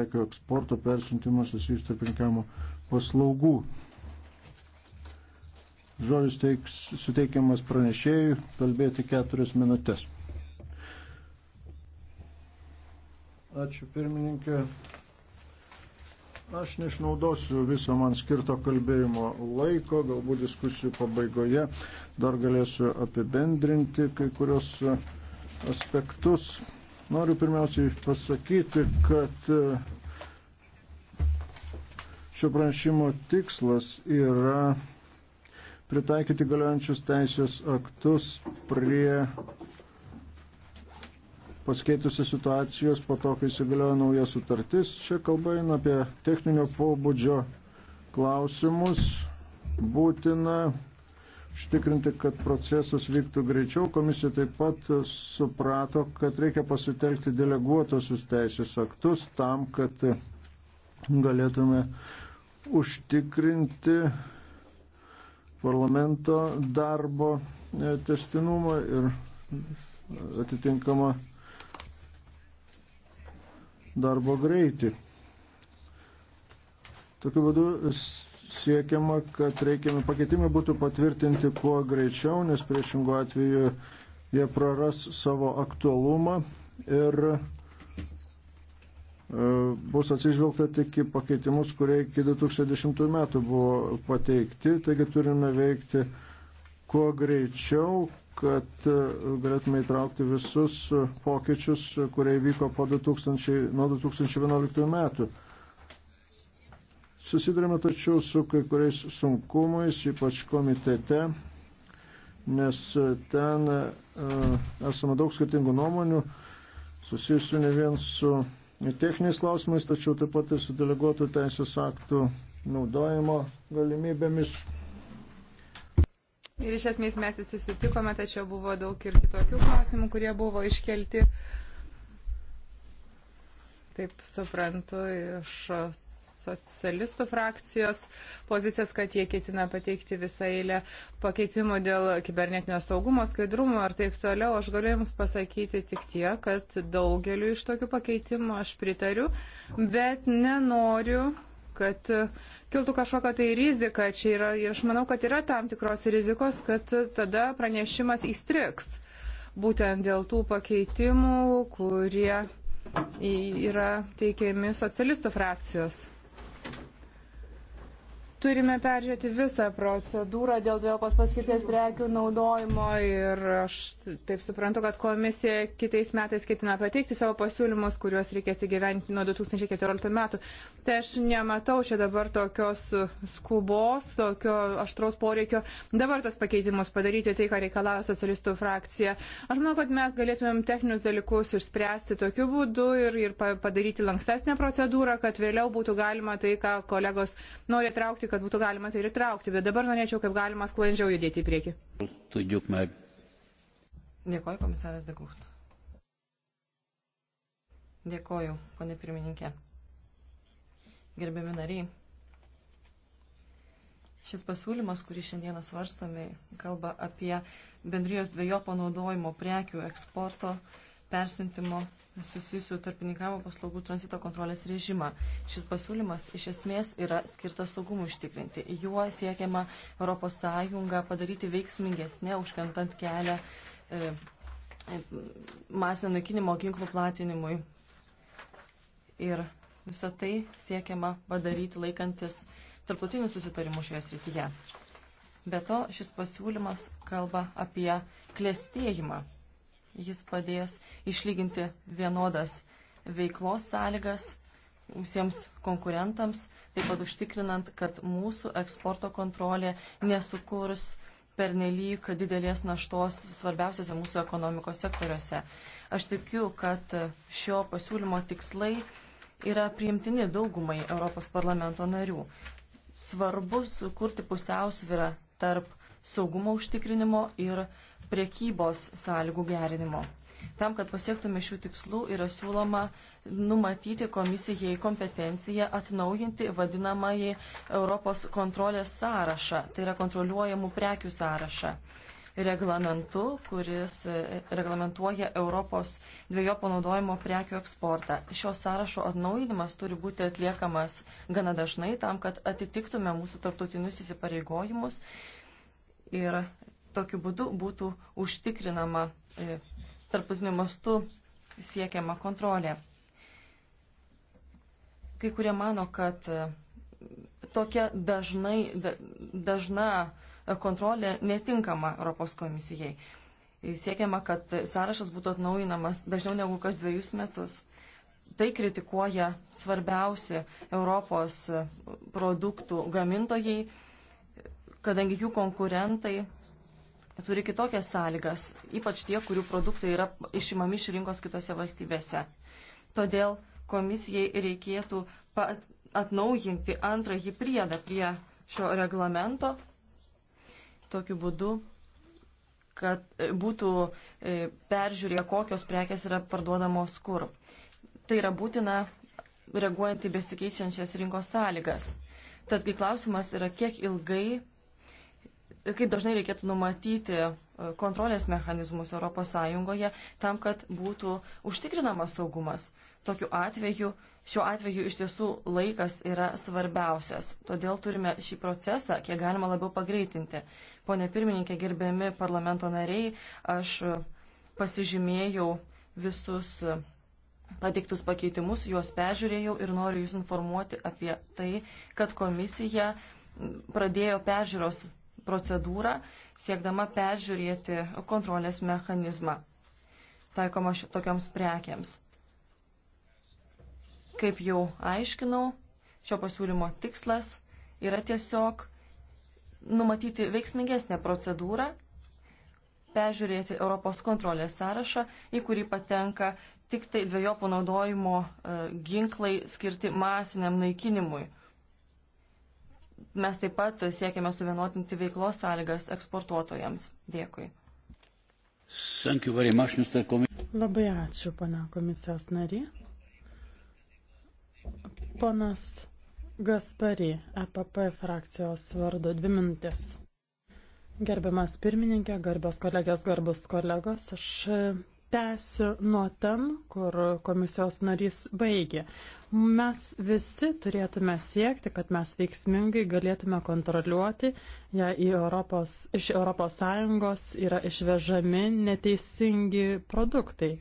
prekių eksporto persintimas susijus tarp rinkimo paslaugų. Žodis teiks, suteikiamas pranešėjui kalbėti keturias minutės. Ačiū pirmininkė. Aš neišnaudosiu viso man skirto kalbėjimo laiko, galbūt diskusijų pabaigoje dar galėsiu apibendrinti kai kurios aspektus. Noriu pirmiausiai pasakyti, kad e, šio pranešimo tikslas yra pritaikyti galiojančius teisės aktus prie paskeitusios situacijos po to, kai įsigalioja nauja sutartis. Čia kalba eina apie techninio pobūdžio klausimus. Būtina užtikrinti, kad procesas vyktų greičiau. Komisija taip pat suprato, kad reikia pasitelkti deleguotosius teisės aktus tam, kad galėtume užtikrinti parlamento darbo e, testinumą ir atitinkamą darbo greitį. Tokiu būdu siekiama, kad reikiami pakeitimai būtų patvirtinti kuo greičiau, nes priešingų atveju jie praras savo aktualumą ir e, bus atsižvelgta tik į pakeitimus, kurie iki 2010 metų buvo pateikti. Taigi turime veikti kuo greičiau, kad e, galėtume įtraukti visus pokyčius, kurie vyko po 2000, nuo 2011 metų. Susidurime tačiau su kai kuriais sunkumais, ypač komitete, nes ten e, esame daug skirtingų nuomonių, susijusių ne vien su techniniais klausimais, tačiau taip pat ir su deleguotų teisės aktų naudojimo galimybėmis. Ir iš esmės mes visi sutikome, tačiau buvo daug ir kitokių klausimų, kurie buvo iškelti. Taip suprantu iš socialistų frakcijos pozicijos, kad jie ketina pateikti visą eilę pakeitimų dėl kibernetinio saugumo, skaidrumo ir taip toliau. Aš galiu Jums pasakyti tik tie, kad daugeliu iš tokių pakeitimų aš pritariu, bet nenoriu kad kiltų kažkokia tai rizika čia yra ir aš manau, kad yra tam tikros rizikos, kad tada pranešimas įstriks būtent dėl tų pakeitimų, kurie yra teikiami socialistų frakcijos. Turime peržiūrėti visą procedūrą dėl dviejopas paskirties prekių naudojimo ir aš taip suprantu, kad komisija kitais metais ketina pateikti savo pasiūlymus, kuriuos reikės įgyventi nuo 2014 metų. Tai aš nematau čia dabar tokios skubos, tokio aštraus poreikio dabar tos pakeitimus padaryti, tai ką reikalavo socialistų frakcija. Aš manau, kad mes galėtumėm techninius dalykus išspręsti tokiu būdu ir, ir padaryti lankstesnę procedūrą, kad vėliau būtų galima tai, ką kolegos nori traukti dirbti, kad būtų galima tai ir traukti, bet dabar norėčiau kaip galima sklandžiau judėti į priekį. Dėkoju, komisaras Degucht. Dėkoju, ponė pirmininkė. Gerbiami nariai, šis pasiūlymas, kurį šiandieną svarstome, kalba apie bendrijos dviejo panaudojimo prekių eksporto persintimo susijusių tarpininkavimo paslaugų tranzito kontrolės režimą. Šis pasiūlymas iš esmės yra skirtas saugumui užtikrinti. Juo siekiama ES padaryti veiksmingesnė, užkentant kelią e, e, masinio naikinimo ginklų platinimui. Ir visą tai siekiama padaryti laikantis tarptautinių susitarimų šioje srityje. Be to, šis pasiūlymas kalba apie klėstėjimą Jis padės išlyginti vienodas veiklos sąlygas visiems konkurentams, taip pat užtikrinant, kad mūsų eksporto kontrolė nesukurs pernelyg didelės naštos svarbiausiose mūsų ekonomikos sektoriuose. Aš tikiu, kad šio pasiūlymo tikslai yra priimtini daugumai Europos parlamento narių. Svarbu sukurti pusiausvyrą tarp saugumo užtikrinimo ir priekybos sąlygų gerinimo. Tam, kad pasiektume šių tikslų, yra siūloma numatyti komisijai kompetenciją atnaujinti vadinamąjį Europos kontrolės sąrašą, tai yra kontroliuojamų prekių sąrašą reglamentu, kuris e, reglamentuoja Europos dviejo panaudojimo prekių eksportą. Šio sąrašo atnaujinimas turi būti atliekamas gana dažnai tam, kad atitiktume mūsų tarptautinius įsipareigojimus ir tokiu būdu būtų užtikrinama e, tarptautiniu mastu siekiama kontrolė. Kai kurie mano, kad e, tokia dažnai, dažna kontrolė netinkama Europos komisijai. E, siekiama, kad sąrašas būtų atnaujinamas dažniau negu kas dviejus metus. Tai kritikuoja svarbiausi Europos produktų gamintojai kadangi jų konkurentai turi kitokias sąlygas, ypač tie, kurių produktai yra išimami iš rinkos kitose valstybėse. Todėl komisijai reikėtų atnaujinti antrąjį priedą prie šio reglamento tokiu būdu, kad e, būtų e, peržiūrė, kokios prekes yra parduodamos kur. Tai yra būtina reaguojant į besikeičiančias rinkos sąlygas. Tad kai klausimas yra, kiek ilgai kaip dažnai reikėtų numatyti e, kontrolės mechanizmus ES tam, kad būtų užtikrinamas saugumas. Tokiu atveju, šiuo atveju iš tiesų laikas yra svarbiausias, todėl turime šį procesą kiek galima labiau pagreitinti. Pone pirmininkė, gerbiami parlamento nariai, aš pasižymėjau visus pateiktus pakeitimus, juos peržiūrėjau ir noriu Jūs informuoti apie tai, kad komisija pradėjo peržiūros procedūrą, siekdama peržiūrėti kontrolės mechanizmą taikomą tokioms prekiams. Kaip jau aiškinau, šio pasiūlymo tikslas yra tiesiog numatyti veiksmingesnę procedūrą, peržiūrėti Europos kontrolės sąrašą, į kurį patenka tik tai dviejų panaudojimo e, ginklai skirti masiniam naikinimui – Mes taip pat siekiame suvienotinti veiklos sąlygas eksportuotojams. Dėkui. Labai ačiū, pana komisijos nari. Ponas Gaspari, EPP frakcijos vardu, dvi minutės. Gerbiamas pirmininkė, garbios kolegės, garbus kolegos, aš Tęsiu nuo ten, kur komisijos narys baigė. Mes visi turėtume siekti, kad mes veiksmingai galėtume kontroliuoti, jei Europos, iš ES yra išvežami neteisingi produktai.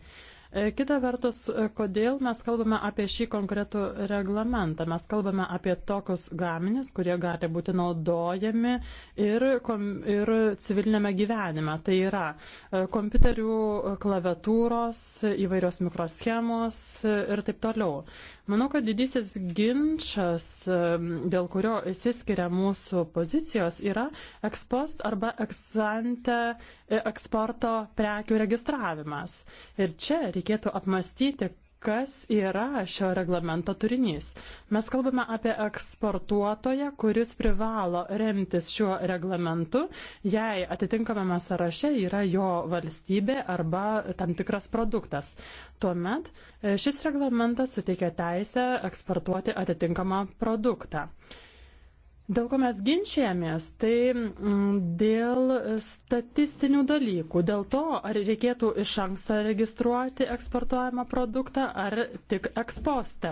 E, kita vertus, e, kodėl mes kalbame apie šį konkretų reglamentą? Mes kalbame apie tokius gaminius, kurie gali būti naudojami ir, kom, ir civilinėme gyvenime. Tai yra e, kompiuterių klaviatūros, įvairios mikroschemos ir taip toliau. Manau, kad didysis ginčas, dėl kurio įsiskiria mūsų pozicijos, yra ekspost arba eksante e, eksporto prekių registravimas. Ir čia reikėtų apmastyti, kas yra šio reglamento turinys. Mes kalbame apie eksportuotoją, kuris privalo remtis šiuo reglamentu, jei atitinkamame sąraše yra jo valstybė arba tam tikras produktas. Tuomet e, šis reglamentas suteikia teisę eksportuoti atitinkamą produktą. Dėl ko mes ginčiamės, tai mm, dėl statistinių dalykų, dėl to, ar reikėtų iš anksto registruoti eksportuojamą produktą ar tik ekspostę.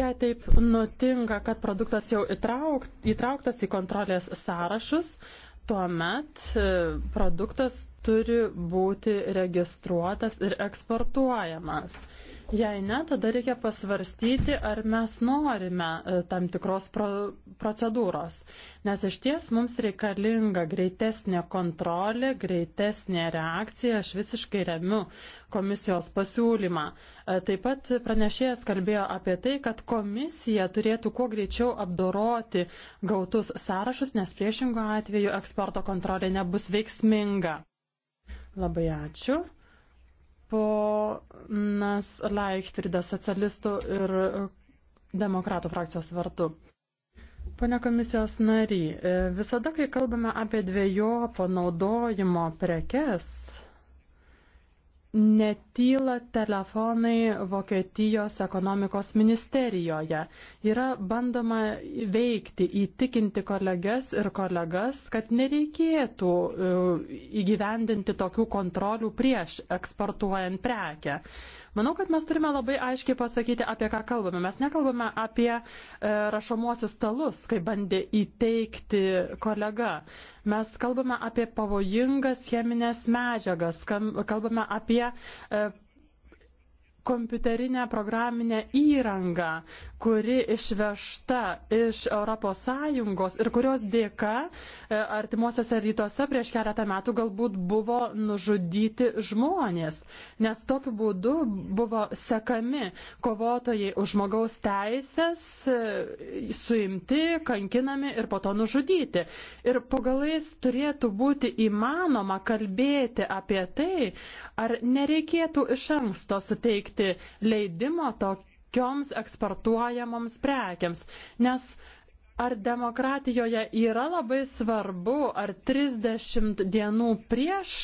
Jei taip nutinka, kad produktas jau įtrauk, įtrauktas į kontrolės sąrašus, tuomet e, produktas turi būti registruotas ir eksportuojamas. Jei ne, tada reikia pasvarstyti, ar mes norime e, tam tikros pro procedūros, nes iš ties mums reikalinga greitesnė kontrolė, greitesnė reakcija, aš visiškai remiu komisijos pasiūlymą. E, taip pat pranešėjas kalbėjo apie tai, kad komisija turėtų kuo greičiau apdoroti gautus sąrašus, nes priešingų atveju eksporto kontrolė nebus veiksminga. Labai ačiū ponas Leichtridė socialistų ir demokratų frakcijos vardu. Pane komisijos nary, visada, kai kalbame apie dviejopo naudojimo prekes, netyla telefonai Vokietijos ekonomikos ministerijoje. Yra bandoma veikti, įtikinti kolegas ir kolegas, kad nereikėtų e, įgyvendinti tokių kontrolių prieš eksportuojant prekę. Manau, kad mes turime labai aiškiai pasakyti, apie ką kalbame. Mes nekalbame apie e, rašomuosius stalus, kaip bandė įteikti kolega. Mes kalbame apie pavojingas cheminės medžiagas, kalbame apie e, kompiuterinę programinę įrangą, kuri išvežta iš ES ir kurios dėka e, artimuosiuose rytuose prieš keletą metų galbūt buvo nužudyti žmonės, nes tokiu būdu buvo sekami kovotojai už žmogaus teisės, e, suimti, kankinami ir po to nužudyti. Ir pagalais turėtų būti įmanoma kalbėti apie tai, ar nereikėtų iš anksto suteikti suteikti leidimo tokioms eksportuojamoms prekiams, nes ar demokratijoje yra labai svarbu, ar 30 dienų prieš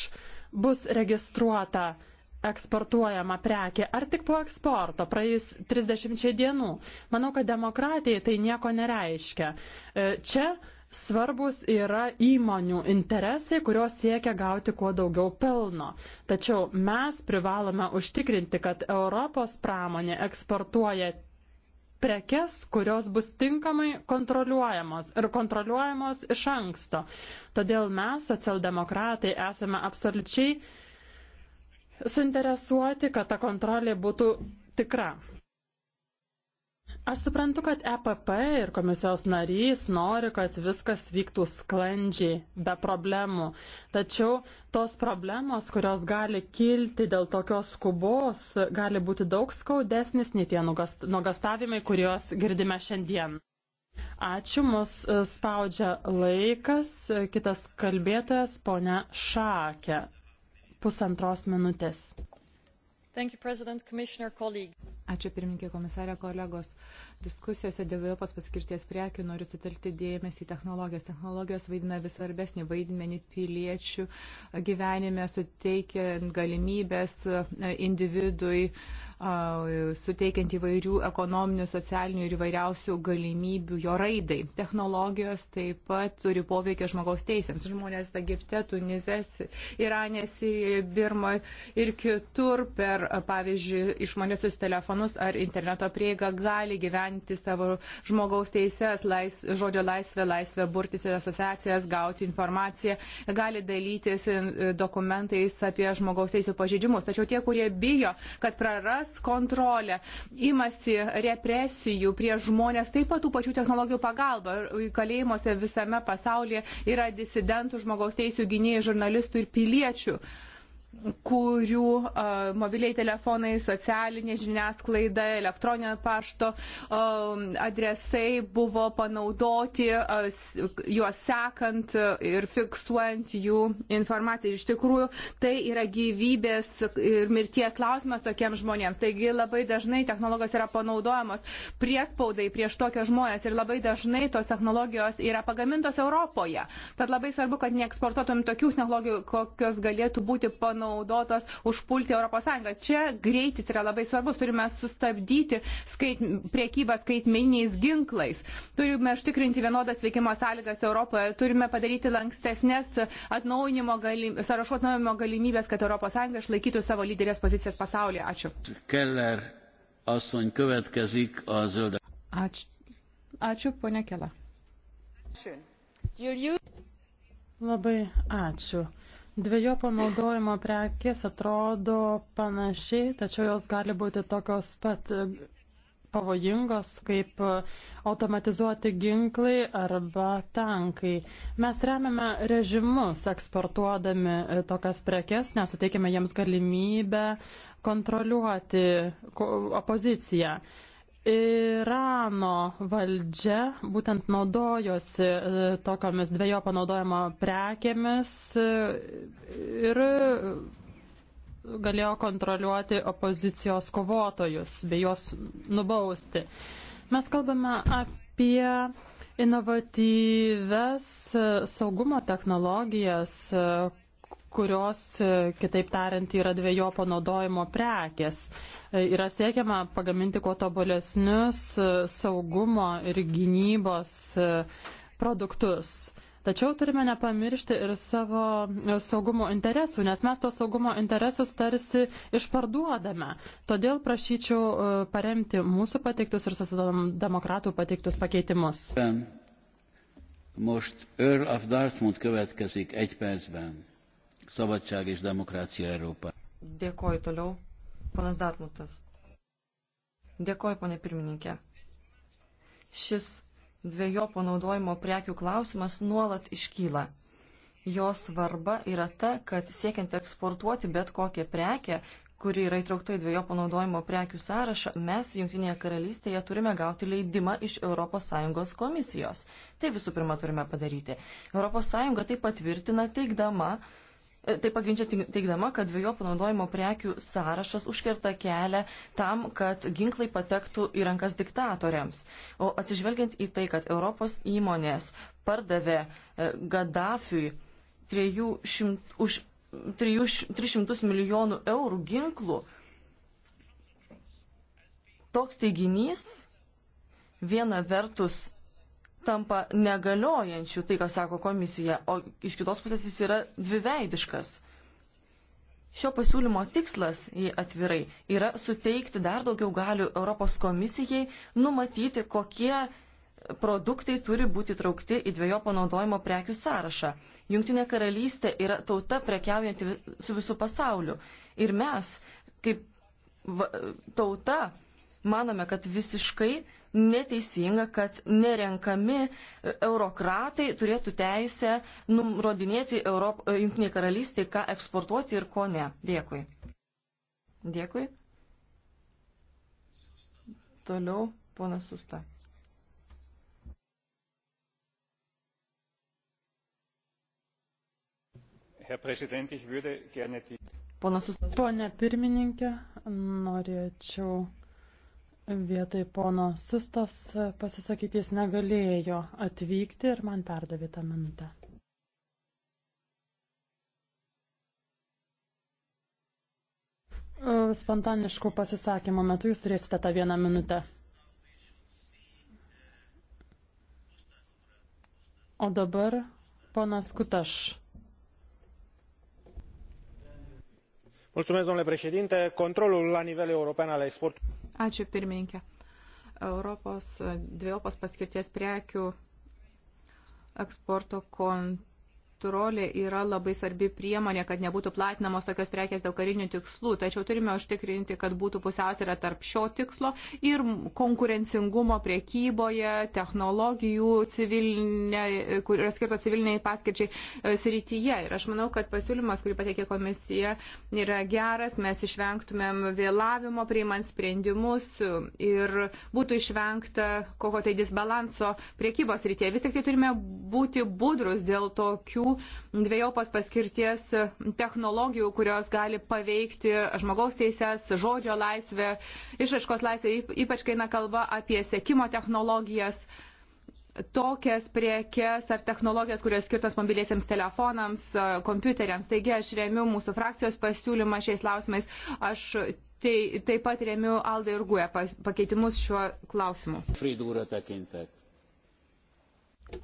bus registruota eksportuojama prekė, ar tik po eksporto, praeis 30 dienų. Manau, kad demokratijai tai nieko nereiškia. E, čia Svarbus yra įmonių interesai, kurios siekia gauti kuo daugiau pelno. Tačiau mes privalome užtikrinti, kad Europos pramonė eksportuoja prekes, kurios bus tinkamai kontroliuojamos ir kontroliuojamos iš anksto. Todėl mes, socialdemokratai, esame absoliučiai suinteresuoti, kad ta kontrolė būtų tikra. Aš suprantu, kad EPP ir komisijos narys nori, kad viskas vyktų sklandžiai, be problemų. Tačiau tos problemos, kurios gali kilti dėl tokios skubos, gali būti daug skaudesnis nei tie nuogastavimai, kuriuos girdime šiandien. Ačiū, mus e, spaudžia laikas. Kitas kalbėtojas, ponia Šakė. Pusantros minutės. Ačiū pirmininkė komisarė kolegos. Diskusijose dėl Europos paskirties prekių noriu sutelkti dėmesį į technologijas. Technologijos vaidina vis svarbesnį vaidmenį piliečių gyvenime, suteikia galimybės e, individui suteikiant įvairių ekonominių, socialinių ir įvairiausių galimybių jo raidai. Technologijos taip pat turi poveikio žmogaus teisėms. Žmonės Egipte, Tunizės, Iranė, Sirijoje, Birmoje ir kitur per, pavyzdžiui, išmaniusius telefonus ar interneto prieigą gali gyventi savo žmogaus teises, lais, žodžio laisvę, laisvę burtis ir asociacijas, gauti informaciją, gali dalytis e, dokumentais apie žmogaus teisų pažydimus. Tačiau tie, kurie bijo, kad praras kas kontrolę imasi represijų prie žmonės, taip pat tų pačių technologijų pagalba. Kalėjimuose visame pasaulyje yra disidentų, žmogaus teisų gynėjų, žurnalistų ir piliečių. Uh, kurių a, mobiliai telefonai, socialinė žiniasklaida, elektroninio pašto a, adresai buvo panaudoti, a, juos sekant ir fiksuojant jų informaciją. Iš tikrųjų, tai yra gyvybės ir mirties klausimas tokiems žmonėms. Taigi labai dažnai technologijos yra panaudojamos priespaudai prieš tokios žmonės ir labai dažnai tos technologijos yra pagamintos Europoje. Tad labai svarbu, kad neeksportuotum tokių technologijų, kokios galėtų būti panaudojamos panaudotos užpulti ES. Čia greitis yra labai svarbus. Turime sustabdyti skait, priekybą skaitmeniniais ginklais. Turime užtikrinti vienodas veikimo sąlygas Europoje. Turime padaryti lankstesnės atnaujinimo galim, sąrašų atnaujinimo galimybės, kad ES išlaikytų savo lyderės pozicijas pasaulyje. Ačiū. Keller. Asszony következik a zöld. Ačiū, ačiū ponia Kela. Labai ačiū. Dviejų panaudojimo prekės atrodo panašiai, tačiau jos gali būti tokios pat pavojingos kaip automatizuoti ginklai arba tankai. Mes remiame režimus eksportuodami tokias prekes, nesuteikime jiems galimybę kontroliuoti opoziciją. Irano valdžia būtent naudojosi e, tokiamis dviejo panaudojimo prekėmis e, ir galėjo kontroliuoti opozicijos kovotojus bei juos nubausti. Mes kalbame apie inovatyves e, saugumo technologijas, kurios, e, kitaip tariant, yra dviejo panaudojimo prekės. E, yra siekiama pagaminti kuo tobulesnius e, saugumo ir gynybos produktus. Tačiau turime nepamiršti ir savo saugumo interesų, nes mes tos saugumo interesus tarsi išparduodame. Todėl prašyčiau paremti mūsų pateiktus ir socialdemokratų pateiktus pakeitimus. Most Earl of Dartmouth következik egy percben. Szabadság és demokrácia Európa. Dėkoju toliau, panas Datmutas. Dėkoju, ponė pirmininkė. Šis dviejo panaudojimo prekių klausimas nuolat iškyla. Jo svarba yra ta, kad siekiant eksportuoti bet kokią prekę, kuri yra įtraukta į dviejo panaudojimo prekių sąrašą, mes Junktinėje karalystėje turime gauti leidimą iš ES komisijos. Tai visų pirma turime padaryti. ES tai patvirtina teikdama, Tai pagrindžia teigdama, kad dviejų panaudojimo prekių sąrašas užkerta kelią tam, kad ginklai patektų į rankas diktatoriams. O atsižvelgiant į tai, kad Europos įmonės pardavė e, Gaddafiui 300, už 300 milijonų eurų ginklų, toks teiginys viena vertus tampa negaliojančiu, tai ką sako komisija, o iš kitos pusės jis yra dviveidiškas. Šio pasiūlymo tikslas, jei atvirai, yra suteikti dar daugiau galių Europos komisijai numatyti, kokie produktai turi būti traukti į dviejų panaudojimo prekių sąrašą. Junktinė karalystė yra tauta prekiaujanti su visų pasauliu. Ir mes, kaip tauta, manome, kad visiškai neteisinga, kad nerenkami e, eurokratai turėtų teisę nurodinėti e, Junktiniai karalystiai, ką eksportuoti ir ko ne. Dėkui. Dėkui. Toliau, ponas Susta. Ponas Susta. Pone pirmininkė, norėčiau Vietai pono Sustas pasisakyti jis negalėjo atvykti ir man perdavė tą minutę. Spontaniškų pasisakymų metu jūs turėsite tą vieną minutę. O dabar ponas Kutaš. Mulțumesc, domnule președinte. Controlul la nivel european al exportului. Ačiū pirmininkė. Europos dviejopas paskirties prekių eksporto kontrolės kontrolė yra labai svarbi priemonė, kad nebūtų platinamos tokios prekės dėl karinių tikslų, tačiau turime užtikrinti, kad būtų pusiausvėra tarp šio tikslo ir konkurencingumo priekyboje, technologijų, civilinė, kur yra skirta civiliniai paskirčiai e, srityje. Ir aš manau, kad pasiūlymas, kurį pateikė komisija, yra geras, mes išvengtumėm vėlavimo priimant sprendimus e, ir būtų išvengta kokio tai disbalanso priekybos rytyje. Vis tik tai turime būti budrus dėl tokių dviejopos paskirties technologijų, kurios gali paveikti žmogaus teises, žodžio laisvę, išaiškos laisvę, ypač kai eina kalba apie sėkimo technologijas tokias priekes ar technologijas, kurios skirtos mobiliesiams telefonams, kompiuteriams. Taigi aš remiu mūsų frakcijos pasiūlymą šiais klausimais. Aš tai, taip pat remiu Aldą ir Guę pakeitimus šiuo klausimu.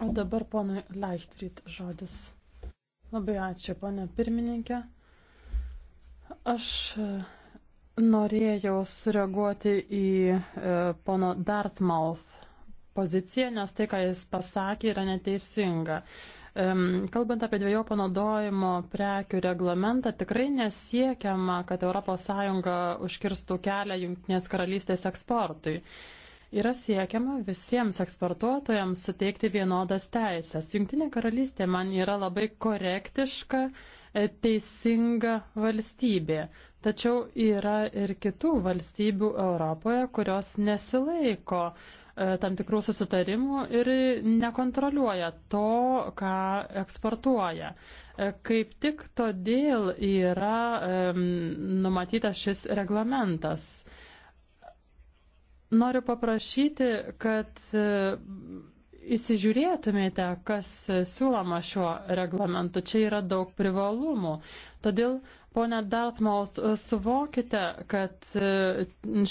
O dabar ponui Leichtfried žodis. Labai ačiū, ponė pirmininkė. Aš e, norėjau sureaguoti į e, pono Dartmouth poziciją, nes tai, ką jis pasakė, yra neteisinga. Kalbant apie dviejų panaudojimo prekių reglamentą, tikrai nesiekiama, kad ES užkirstų kelią Junktinės karalystės eksportui yra siekiama visiems eksportuotojams suteikti vienodas teisės. Junktinė karalystė man yra labai korektiška, e, teisinga valstybė. Tačiau yra ir kitų valstybių Europoje, kurios nesilaiko e, tam tikrų susitarimų ir nekontroliuoja to, ką eksportuoja. E, kaip tik todėl yra um, numatytas šis reglamentas. Noriu paprašyti, kad e, įsižiūrėtumėte, kas e, siūloma šiuo reglamentu. Čia yra daug privalumų. Todėl, ponė Dartmouth, e, suvokite, kad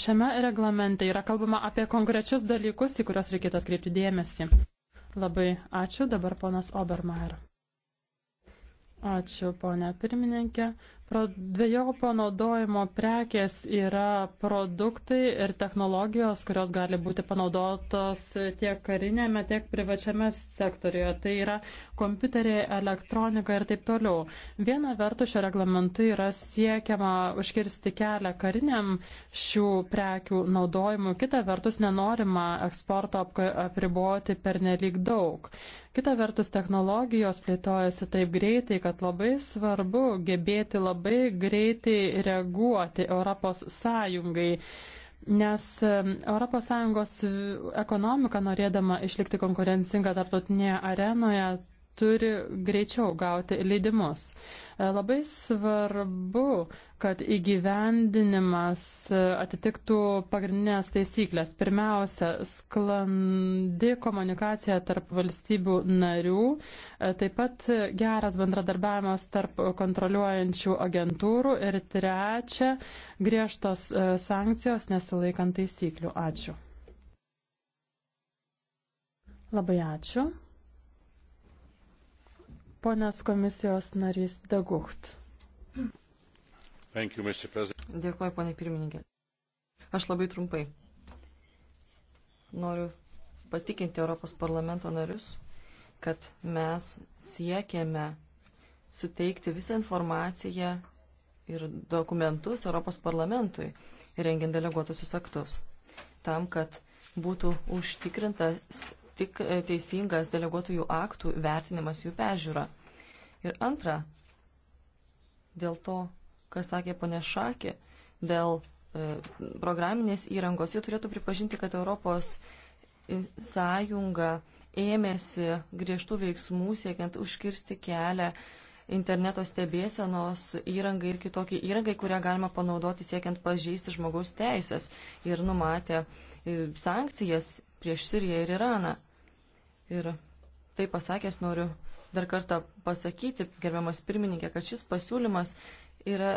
šiame reglamente yra kalbama apie konkrečius dalykus, į kuriuos reikėtų atkreipti dėmesį. Labai ačiū. Dabar ponas Obermeier. Ačiū, ponė pirmininkė. Dviejų panaudojimo prekės yra produktai ir technologijos, kurios gali būti panaudotos tiek karinėme, tiek privačiame sektorijoje. Tai yra kompiuteriai, elektronika ir taip toliau. Viena vertus šio reglamentu yra siekiama užkirsti kelią kariniam šių prekių naudojimui, kita vertus nenorima eksporto apriboti per nelik daug. Kita vertus, technologijos plėtojasi taip greitai, kad labai svarbu gebėti labai greitai reaguoti Europos Sąjungai. Nes ES ekonomika, norėdama išlikti konkurencinga tarptautinėje arenoje, turi greičiau gauti leidimus. E, labai svarbu, kad įgyvendinimas e, atitiktų pagrindinės taisyklės. Pirmiausia, sklandi komunikacija tarp valstybių narių, e, taip pat geras bendradarbiavimas tarp kontroliuojančių agentūrų ir trečia, griežtos sankcijos nesilaikant taisyklių. Ačiū. Labai ačiū ponės komisijos narys Dagucht. Dėkuoju, ponė pirmininkė. Aš labai trumpai noriu patikinti Europos parlamento narius, kad mes siekiame suteikti visą informaciją ir dokumentus Europos parlamentui, rengiant deleguotusius aktus, tam, kad būtų užtikrintas tik e, teisingas deleguotųjų aktų vertinimas jų pežiūra. Ir antra, dėl to, kas sakė ponė Šakė, dėl e, programinės įrangos, jie turėtų pripažinti, kad Europos sąjunga ėmėsi griežtų veiksmų siekiant užkirsti kelią interneto stebėsenos įrangai ir kitokiai įrangai, kurią galima panaudoti siekiant pažeisti žmogaus teisės ir numatė e, sankcijas prieš Siriją ir Iraną. Ir tai pasakęs noriu dar kartą pasakyti, gerbiamas pirmininkė, kad šis pasiūlymas yra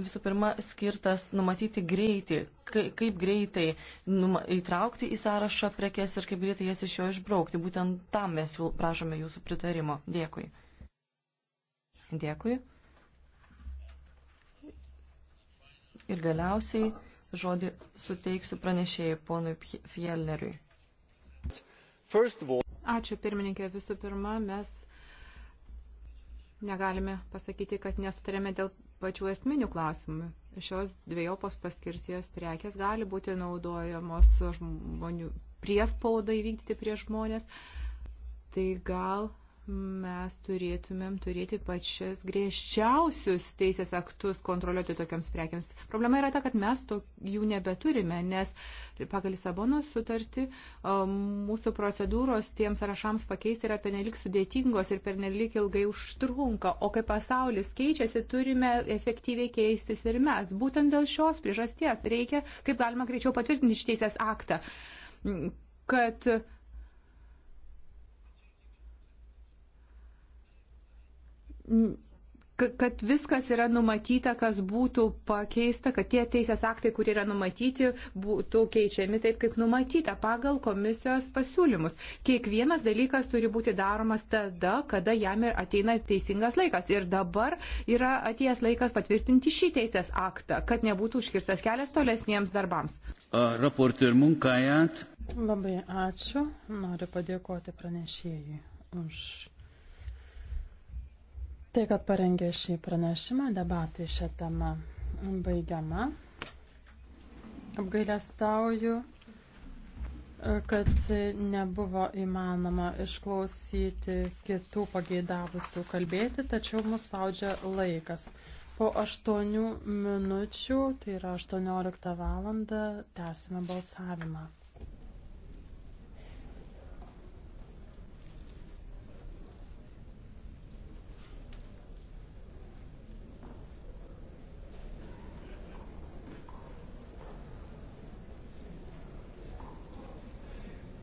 visų pirma skirtas numatyti greitį, kaip greitai numa, įtraukti į sąrašą prekes ir kaip greitai jas iš jo išbraukti. Būtent tam mes jau prašome jūsų pritarimo. Dėkui. Dėkui. Ir galiausiai žodį suteiksiu pranešėjai ponui Fjellneriui. First of all, Ačiū pirmininkė. Visų pirma, mes negalime pasakyti, kad nesutarėme dėl pačių esminių klausimų. Šios dviejopos paskirties prekės gali būti naudojamos žmonių priespaudą įvykdyti prieš žmonės. Tai gal mes turėtumėm turėti pačias griežčiausius teisės aktus kontroliuoti tokiams prekiams. Problema yra ta, kad mes to, jų nebeturime, nes pagal Lisabono sutartį mūsų procedūros tiems sąrašams pakeisti yra pernelik sudėtingos ir pernelik ilgai užtrunka, o kai pasaulis keičiasi, turime efektyviai keistis ir mes. Būtent dėl šios priežasties reikia, kaip galima greičiau patvirtinti šį teisės aktą, kad kad viskas yra numatyta, kas būtų pakeista, kad tie teisės aktai, kurie yra numatyti, būtų keičiami taip, kaip numatyta pagal komisijos pasiūlymus. Kiekvienas dalykas turi būti daromas tada, kada jam ir ateina teisingas laikas. Ir dabar yra atėjęs laikas patvirtinti šį teisės aktą, kad nebūtų užkirstas kelias tolesniems darbams. Raportir munkajat. Labai ačiū. Noriu padėkoti pranešėjai už tai, kad parengė šį pranešimą, debatai šią temą baigiama. Apgailestauju, kad nebuvo įmanoma išklausyti kitų pageidavusių kalbėti, tačiau mus spaudžia laikas. Po 8 minučių, tai yra 18 valandą, tęsime balsavimą.